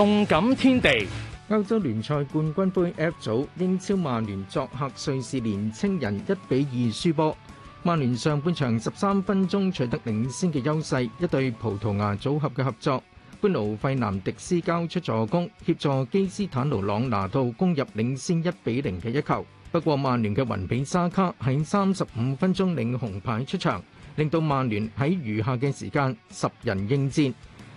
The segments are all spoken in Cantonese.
動感天地，歐洲聯賽冠軍盃 F 組，英超曼聯作客瑞士年青人，一比二輸波。曼聯上半場十三分鐘取得領先嘅優勢，一對葡萄牙組合嘅合作，班奴費南迪斯交出助攻，協助基斯坦奴朗拿度攻入領先一比零嘅一球。不過曼聯嘅云比沙卡喺三十五分鐘領紅牌出場，令到曼聯喺餘下嘅時間十人應戰。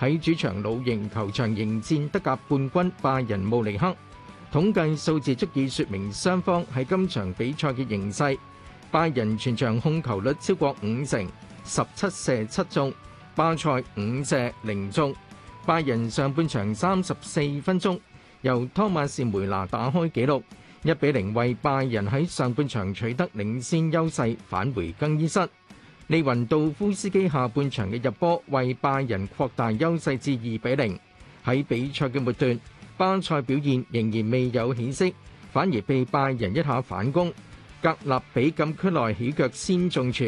喺主場老營球場迎戰德甲冠軍拜仁慕尼黑，統計數字足以説明雙方喺今場比賽嘅形勢。拜仁全場控球率超過五成，十七射七中，巴塞五射零中。拜仁上半場三十四分鐘，由湯馬士梅拿打開紀錄，一比零為拜仁喺上半場取得領先優勢，返回更衣室。利雲度夫斯基下半場嘅入波，為拜仁擴大優勢至二比零。喺比賽嘅末段，巴塞表現仍然未有顯色，反而被拜仁一下反攻。格納比禁區內起腳先中柱，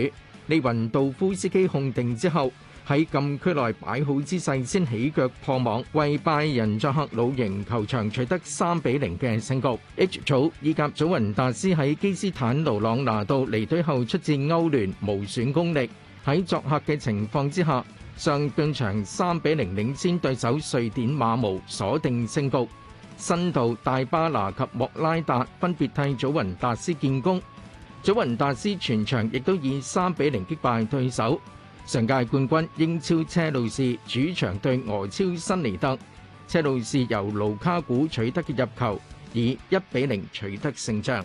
利雲度夫斯基控定之後。喺禁區內擺好姿勢先起腳破網，為拜仁作客老營球場取得三比零嘅勝局。H 組意甲祖雲達斯喺基斯坦奴朗拿度離隊後出戰歐聯無損功力，喺作客嘅情況之下，上半場三比零領先對手瑞典馬慕鎖定勝局。新度大巴拿及莫拉達分別替祖雲達斯建功，祖雲達斯全場亦都以三比零擊敗對手。上屆冠軍英超車路士主場對俄超辛尼特，車路士由盧卡古取得嘅入球，以一比零取得勝仗。